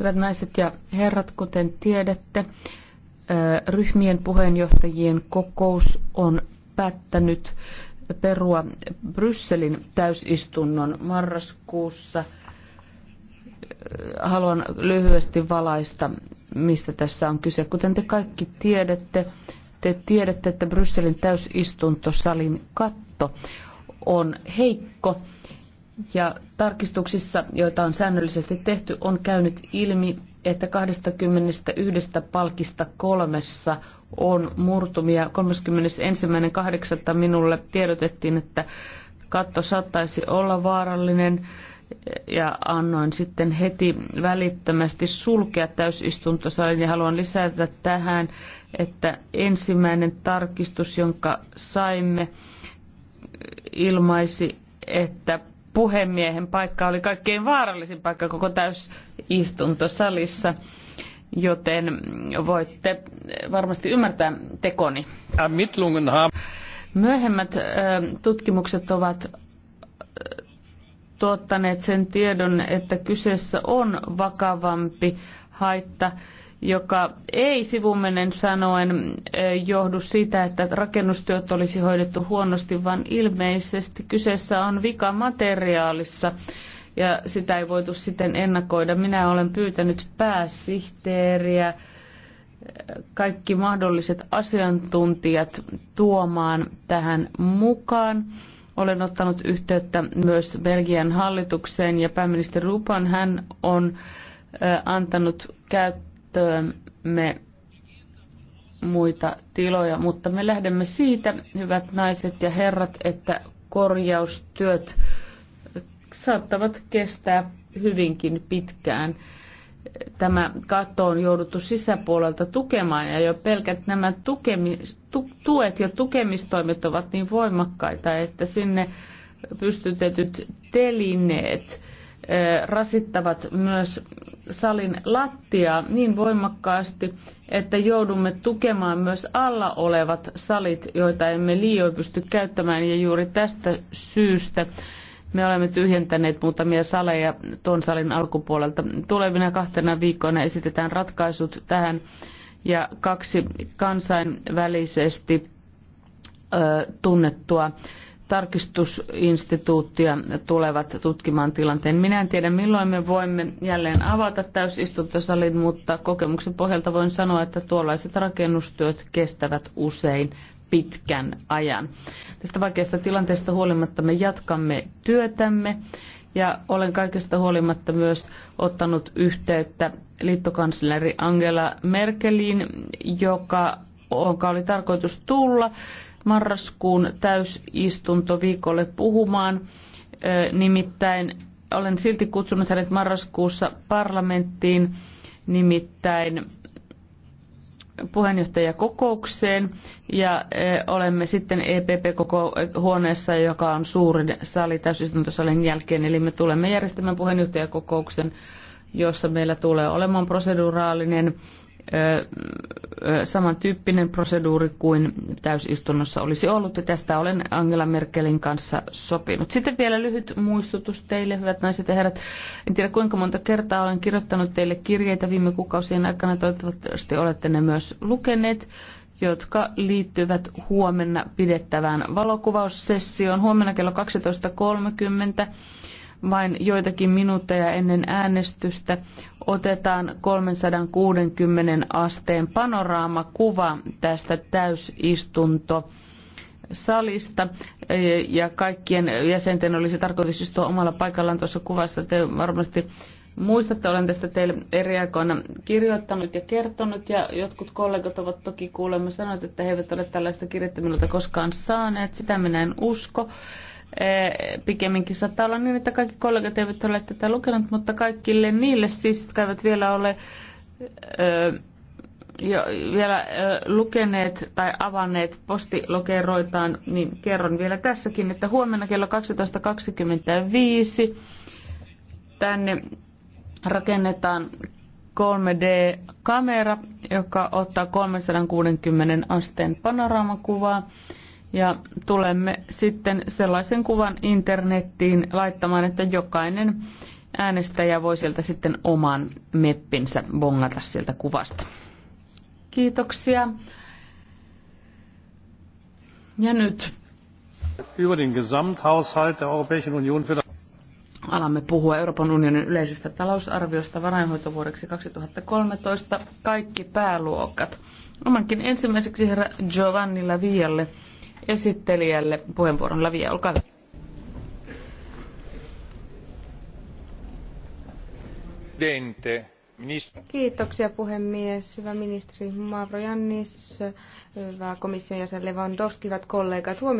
Hyvät naiset ja herrat, kuten tiedätte, ryhmien puheenjohtajien kokous on päättänyt perua Brysselin täysistunnon marraskuussa. Haluan lyhyesti valaista, mistä tässä on kyse. Kuten te kaikki tiedätte, te tiedätte, että Brysselin täysistuntosalin katto on heikko ja tarkistuksissa, joita on säännöllisesti tehty, on käynyt ilmi, että 21 palkista kolmessa on murtumia. 31.8. minulle tiedotettiin, että katto saattaisi olla vaarallinen ja annoin sitten heti välittömästi sulkea täysistuntosalin ja haluan lisätä tähän, että ensimmäinen tarkistus, jonka saimme, ilmaisi, että puhemiehen paikka oli kaikkein vaarallisin paikka koko täysistuntosalissa, joten voitte varmasti ymmärtää tekoni. Myöhemmät tutkimukset ovat tuottaneet sen tiedon, että kyseessä on vakavampi haitta, joka ei sivumennen sanoen eh, johdu siitä, että rakennustyöt olisi hoidettu huonosti, vaan ilmeisesti kyseessä on vika materiaalissa ja sitä ei voitu sitten ennakoida. Minä olen pyytänyt pääsihteeriä, eh, kaikki mahdolliset asiantuntijat tuomaan tähän mukaan. Olen ottanut yhteyttä myös Belgian hallitukseen ja pääministeri Rupan hän on eh, antanut käyttöön käyttöömme muita tiloja, mutta me lähdemme siitä, hyvät naiset ja herrat, että korjaustyöt saattavat kestää hyvinkin pitkään. Tämä katto on jouduttu sisäpuolelta tukemaan ja jo pelkät nämä tu, tuet ja tukemistoimet ovat niin voimakkaita, että sinne pystytetyt telineet eh, rasittavat myös salin lattiaa niin voimakkaasti, että joudumme tukemaan myös alla olevat salit, joita emme liioin pysty käyttämään. Ja juuri tästä syystä me olemme tyhjentäneet muutamia saleja tuon salin alkupuolelta. Tulevina kahtena viikkoina esitetään ratkaisut tähän ja kaksi kansainvälisesti ö, tunnettua tarkistusinstituuttia tulevat tutkimaan tilanteen. Minä en tiedä, milloin me voimme jälleen avata täysistuntosalin, mutta kokemuksen pohjalta voin sanoa, että tuollaiset rakennustyöt kestävät usein pitkän ajan. Tästä vaikeasta tilanteesta huolimatta me jatkamme työtämme ja olen kaikesta huolimatta myös ottanut yhteyttä liittokansleri Angela Merkeliin, joka, joka oli tarkoitus tulla marraskuun täysistuntoviikolle puhumaan. Nimittäin olen silti kutsunut hänet marraskuussa parlamenttiin, nimittäin puheenjohtajakokoukseen ja olemme sitten EPP-huoneessa, joka on suurin sali täysistuntosalin jälkeen. Eli me tulemme järjestämään puheenjohtajakokouksen, jossa meillä tulee olemaan proseduraalinen samantyyppinen proseduuri kuin täysistunnossa olisi ollut, ja tästä olen Angela Merkelin kanssa sopinut. Sitten vielä lyhyt muistutus teille, hyvät naiset ja herrat. En tiedä kuinka monta kertaa olen kirjoittanut teille kirjeitä viime kuukausien aikana, toivottavasti olette ne myös lukeneet jotka liittyvät huomenna pidettävään valokuvaussessioon. Huomenna kello vain joitakin minuutteja ennen äänestystä otetaan 360 asteen panoraamakuva tästä täysistunto salista ja kaikkien jäsenten olisi tarkoitus istua omalla paikallaan tuossa kuvassa. Te varmasti muistatte, olen tästä teille eri aikoina kirjoittanut ja kertonut ja jotkut kollegat ovat toki kuulemma sanoneet, että he eivät ole tällaista kirjettä minulta koskaan saaneet. Sitä minä en usko. Eh, pikemminkin saattaa olla niin, että kaikki kollegat eivät ole tätä lukenut, mutta kaikille niille siis, jotka eivät vielä ole eh, jo, vielä eh, lukeneet tai avanneet postilokeroitaan, niin kerron vielä tässäkin, että huomenna kello 12.25 tänne rakennetaan 3D-kamera, joka ottaa 360 asteen panoraamakuvaa. Ja tulemme sitten sellaisen kuvan internettiin laittamaan, että jokainen äänestäjä voi sieltä sitten oman meppinsä bongata sieltä kuvasta. Kiitoksia. Ja nyt. Über den Gesamthaushalt der Europäischen Union für Alamme puhua Euroopan unionin yleisestä talousarviosta varainhoitovuodeksi 2013, kaikki pääluokat. Omankin ensimmäiseksi herra Giovanni Lavialle esittelijälle puheenvuoron. Lavia, olkaa hyvä. Kiitoksia puhemies, hyvä ministeri Jannis, hyvä komission jäsen Lewandowski, hyvät kollegat. Huomioon